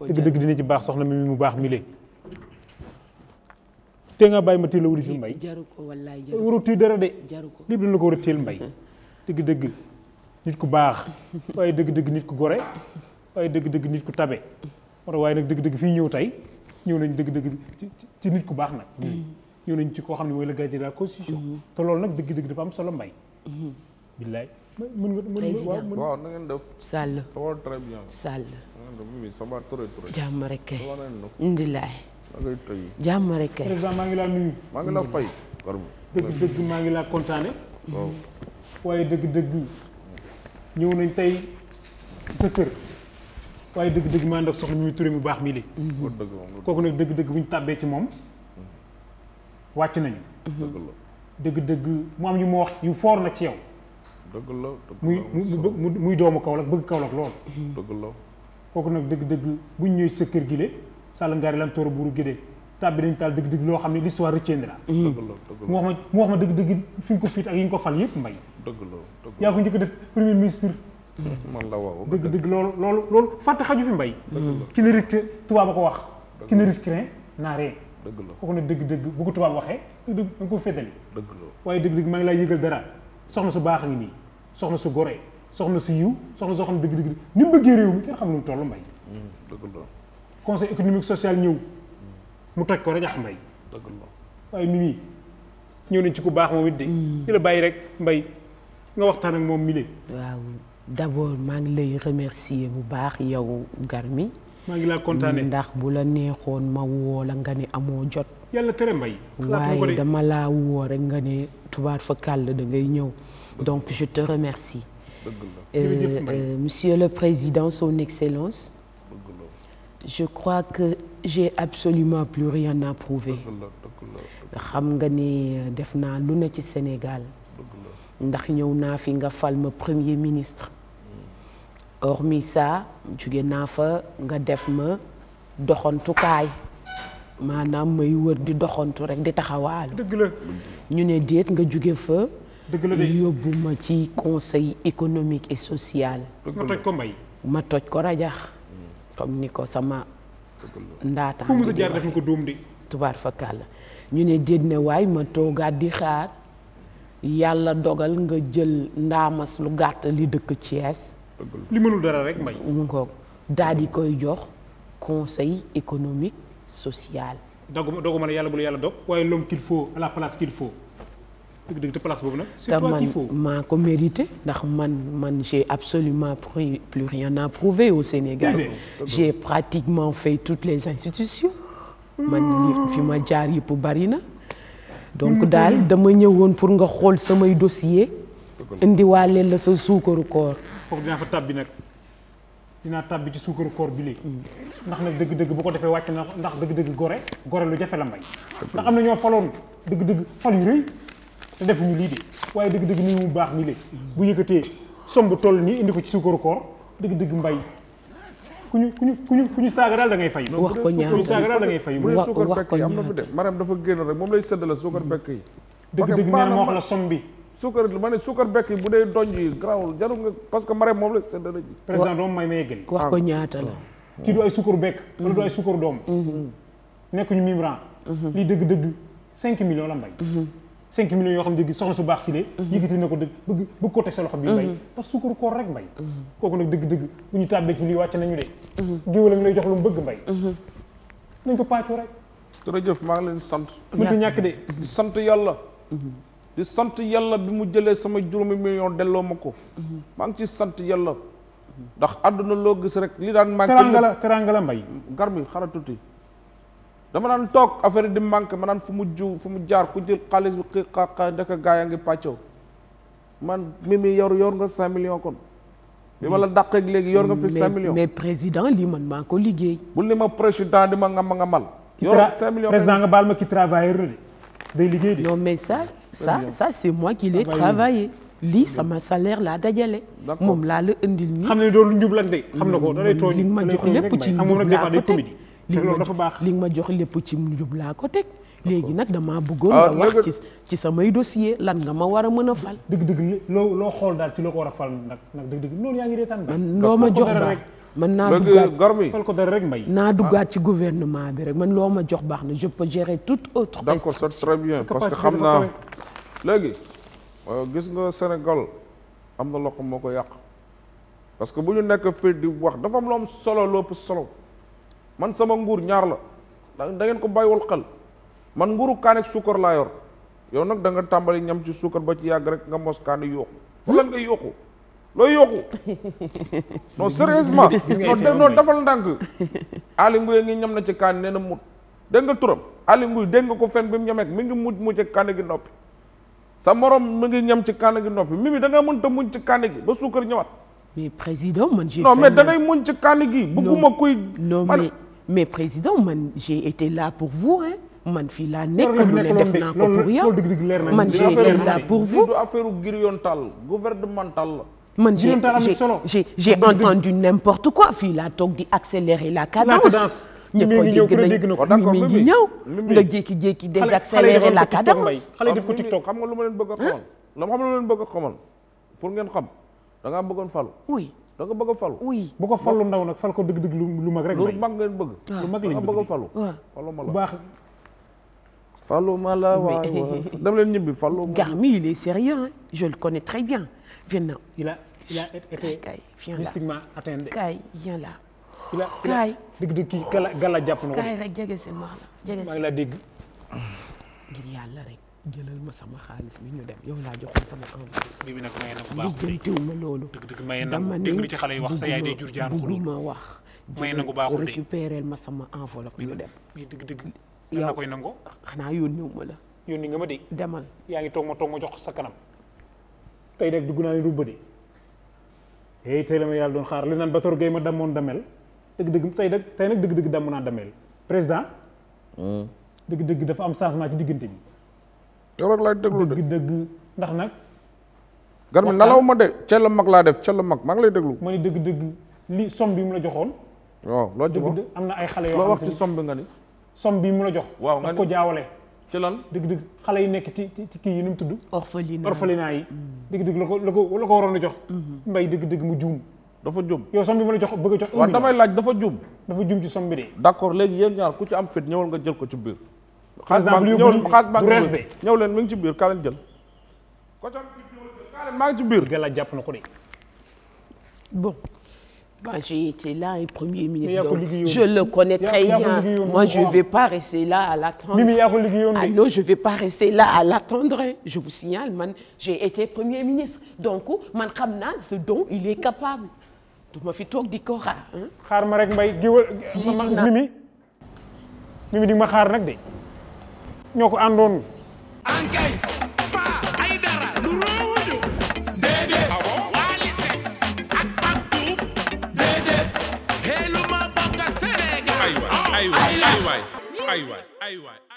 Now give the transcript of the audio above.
Oh, dëgg dëgg dina ci baax soxna mi mu baax mile te nga bàyyi ma téel a wuri si mbay waru téel dara de lépp dina la ko war a mbay dëgg dëgg nit ku baax waaye dëgg dëgg nit ku gore waaye dëgg dëgg nit ku tabe moo waaye nag dëgg-dëgg fii ñëw tey ñëw nañ dëgg-dëgg ci nit ku baax nag mm-hmm. ñëw nañ ci koo xam ne mooy le gardien de la constitution mm-hmm. te loolu nag dëgg-dëgg dafa solo mbay mm-hmm. billaay mën nga mën nga waaw waaw na ngeen def sàll ça va très bien sàll ça jàmm rek kay indilaay jàmm rek kay président maa ngi laa nuyu maa ngi laa fay dëgg-dëgg maa ngi laa kontaane waaw waaye dëgg-dëgg ñëw nañ tey sa kër waaye dëgg-dëgg maa ndox soxna mi mu baax mi li mm-hmm. kooku nag dëgg-dëgg bu ñu tàbbee ci moom mm-hmm. wàcc nañu mm-hmm. dëgg-dëgg mu am ñu ma wax yu foor nag ci yow dëgg la muy muy doomu Kaolack bëgg Kaolack lool dëgg la kooku nag dëgg-dëgg bu ñu ñëwee sa kër gi le sàll ngaari lan toor buuru gédee tàbbi dañu taal dëgg-dëgg loo xam ne l'histoire retiendra mu wax ma mu wax ma dëgg-dëgg fi nga ko fiit ak yi nga ko fal yëpp mbay dëgg la yaa ko njëkk def premier ministre man la waaw dëgg dëgg loolu loolu loolu fàtte xaju fi mbay ki ne ricte tubaab a ko wax ki ne risquerin naa ree dëgg la kooku ne dëgg-dëgg bu ko tubaab waxee dëgg da nga ko féetali waaye dëgg-dëgg maa ngi lay yëgal dara soxna su baax a ngi nii soxna su gore soxna su yiw soxna soo xam ne dëgg-dëgg ni mu bëggee réew mi kenn xam ne mu toll mbay mm, dëgg la ñëw mm. mu toj ko rek jax mbay dëgg waaye mi mii ñëw nañ ci ku baax moom it de ñu mm. bàyyi rek mbay nga waxtaan ak moom mi waaw d'abord maa ngi lay remercier bu baax yow Garmi. maa ndax bu la neexoon ma woo nga ne amoo jot. waaye dama laa woo rek nga ne tubaar fa kàll da ñëw donc je te remercie. Euh, euh, monsieur le président son excellence. je crois que j'ai absolument plus rien à prouver. xam nga ni euh, def naa lu ne ci Sénégal. ndax ñëw naa fi nga fal ma premier ministre. hormis ça juge naa fa nga def ma doxantukaay maanaam may wër di doxantu rek di taxawaalu. dëgg ñu ne déet nga jóge fa. dëgg yóbbu ma ci conseil économique et social. ma toj ko mbay. ma rajax comme ni ko sama. ndaataan fu mu ko doom di. tubaar fa kàlla ñu ne déet ne waay ma toogaat di xaar yàlla dogal nga jël ndaamas lu gàtt li dëkk Thiès. li mënul dara rek mbay. daal di koy jox conseil économique social. dogu doguma ne yàlla bul yàlla dog waaye l'homme qu'il faut à la place qu'il faut. dëgg dëgg te place boobu nag. c'est toi qu'il faut maa ndax man man j'ai absolument pris plus rien à prouver au Sénégal. j'ai pratiquement fait toutes les institutions. man fi ma jaar yëpp bari na. donc mm. daal dama ñëwoon pour nga xool samay dossier indiwaale la sa suukaru koor. foofu dinaa fa tàbbi nag dinaa tàbbi ci suukaru koor bi léegi. ndax nag dëgg-dëgg bu ko defee wàcc na ndax dëgg-dëgg gore gore lu jafe la mbay. ndax am na ñoo faloon dëgg-dëgg fal yu rëy te defuñu lii de waaye dëgg-dëgg ni mu baax nii léegi. bu yëkkatee somb toll nii indi ko ci suukaru koor dëgg-dëgg mbay. ku ñu ku ñu ku ñu ku ñu saaga daal da ngay fay. wax ko ñaar saaga daal da ngay fay. bu dee suukar bekk yi am dafa génn rek moom lay la suukar bekk yi. dëgg-dëgg nee na la som bi suukar ma ne suukar bekk bu dee doñ yi grawul jarul nga parce que Marème moom la séddale ji. président doom may may gën. wax ko ah. ñaata la. kii du ay suukar bekk. wala du ay suukar mm-hmm. mm-hmm. dëgg-dëgg cinq millions la mbay. Mm-hmm. cinq millions yoo xam ne dëgg soxna su baax si lee. yëkkati na ko dëgg bëgg bëgg ko teg sa loxo bi mbay. ndax suukar koor rek mbay. kooku nag dëgg-dëgg bu ñu tàbbee ci lii wàcc nañu de. géwél a lay jox lu mu bëgg mbay. nañ ko pàccoo rek. jërëjëf maa ngi leen sant. mënut ñàkk de sant yàlla di sant yalla bi mu jëlee sama juróomi million delloo ma ko maa ngi ci sant yalla ndax adduna loo gis rek li daan manqué teranga la mbay gar bi xara tuuti dama naan toog affaire di manqué ma naan fu mu jiw fu mu jaar ku jël xaalis bi xii xaaxa daka gaa man mi mi yor yor nga cinq millions kon bi ma la dàqee léegi yor nga fi cinq millions mais président lii man maa ko liggéey bul ni ma président di ma ngama ngamal yor cinq millions président nga baal ma ki travailleur de day liggéey de non mais ça sa c'est moi qui l'ai travaillé sa sama salaire laa dajale. moom laa la indil nii. xam ne doo lu njublante xam na ko da lay tooñ ma jox lépp ci njub laa ko li nga ma jox lépp ci njub laa ko teg. léegi nag damaa bëggoon ah, nga wax ci ci samay dossier lan nga ma war a mën a fal. dëgg dëgg loo loo xool daal ci loo ko war a fal nag nag dëgg loo ma jox ba man naa duggaat gor mi fal ko dara rek mbay naa duggaat ci gouvernement bi rek man loo ma jox baax na je peux gérer toute autre question d'accord ça serait bien parce que xam naa léegi euh, gis nga Sénégal am na loxo moo ko yàq parce que bu ñu nekk fii di wax dafa am lu solo lu ëpp solo man sama nguur ñaar la da ngeen ko bàyyiwul xel man nguuru kaan ak suukar laa yor yow nag da nga tàmbali ñam ci suukar ba ci yàgg rek nga mos kaani yuuxu lan nga yuuxu looy yokku non sérieusement non non dafal ndang Aly Ngouille ngi ñam na ci kaan na mut dégg nga turam Aly Ngouille dégg nga ko fen bi mu ñameek mi ngi muj muj ci gi noppi sa morom mi ngi ñam ci kaan gi noppi mi mi da nga mënta muñ ci kaan gi ba suukar ñëwaat mais président man j'ai non mais da ngay muñ ci kaan gi bëgguma kuy non mais mais président man j'ai été là pour vous hein man fii laa nekk lu ne def naa ko pour yow man j'ai été là pour vous du affaire gu giriyoon la man j' ai j' ai entendu n'importe quoi fii laa toog di accélérer la cadence. ñëpp a dégg nañ mi ngi ñëw nga jékki-jékki désaccélérer la cadence. xale def ko TikTok ah, xam nga lu ma leen bëgg a xamal. la ma xam lu leen bëgg a xamal pour ngeen xam da ngaa bëggoon falu. oui da nga bëgg a falu. oui bu ko falu ndaw nag fal ko dëgg-dëgg lu mag rek. lu mag ngeen bëgg. Ah. lu mag lañ bëgg a falu. falu ma la baax. falu ma la waay waay. dama leen ñibbi falu ma la. Garmi il est sérieux je le connais très bien. viens là. il a il a été mystiquement atteint de. Kaay viens là. il a il dëgg-dëgg kii gala jàpp na ko. Kaay rek jege si maa la jege si maa ngi la dégg. ngir yàlla rek jëlal ma sama xaalis bi ñu dem yow naa joxoon sama enveloppe. bii nag na bu baax de lijjantiwuma loolu. dëgg na ko dégg ci xale yi wax sa yaay day jur jaanu na ko baaxul de ma sama enveloppe ñu dem. mais dëgg-dëgg. yow lan koy nangoo. xanaa yónni wu ma la. yónni nga ma de. demal yaa ngi toog ma toog ma jox sa kanam tey nag dugg naa ni rubbadi yéy tey la ma doon xaar li naan ba torgay ma damoon damel dëgg-dëgg tey nag tey nag dëgg-dëgg damm naa damel président hmm. dëgg-dëgg dafa am changement ci diggante bi te rek laay déglu de dëgg ndax nag gar nalaw ma de ca la mag laa def ca la mag maa ngi lay déglu ma ni dëgg-dëgg lii somme bi mu la joxoon loolu loo am na ay xale yoo xam ne loo wax ci nga ni somme bi mu la jox waaw daf ko jaawale ci lan dëgg-dëgg xale yi nekk ci ci kii yi nu mu tudd. orphelinat orphelinat yi. Mm. dëgg-dëgg la ko la ko la ko waroon a jox. Mm-hmm. mbay dëgg-dëgg mu juum. dafa juum yow som bi ma la jox bëgg a jox. waaw damay laaj dafa juum. dafa juum ci som bi de. d'accord léegi yéen ñaar ku ci am fit ñëwal nga jël ko ci biir. xaalis baa ngi ñëw leen mi ngi ci biir kaa leen jël. maa ngi ci biir. gala jàpp na ko de Bah, j'ai été là et Premier ministre donc je le connais très bien moi je vais pas rester là à l'attendre ah non je vais pas rester là à l'attendre je vous signale man j'ai été Premier ministre donc man xam naa ce il est capable du ma fi toog di ko xaar ma rek mbay mimi mimi di ma xaar nag de ñoo ko ankay ay waay ay waay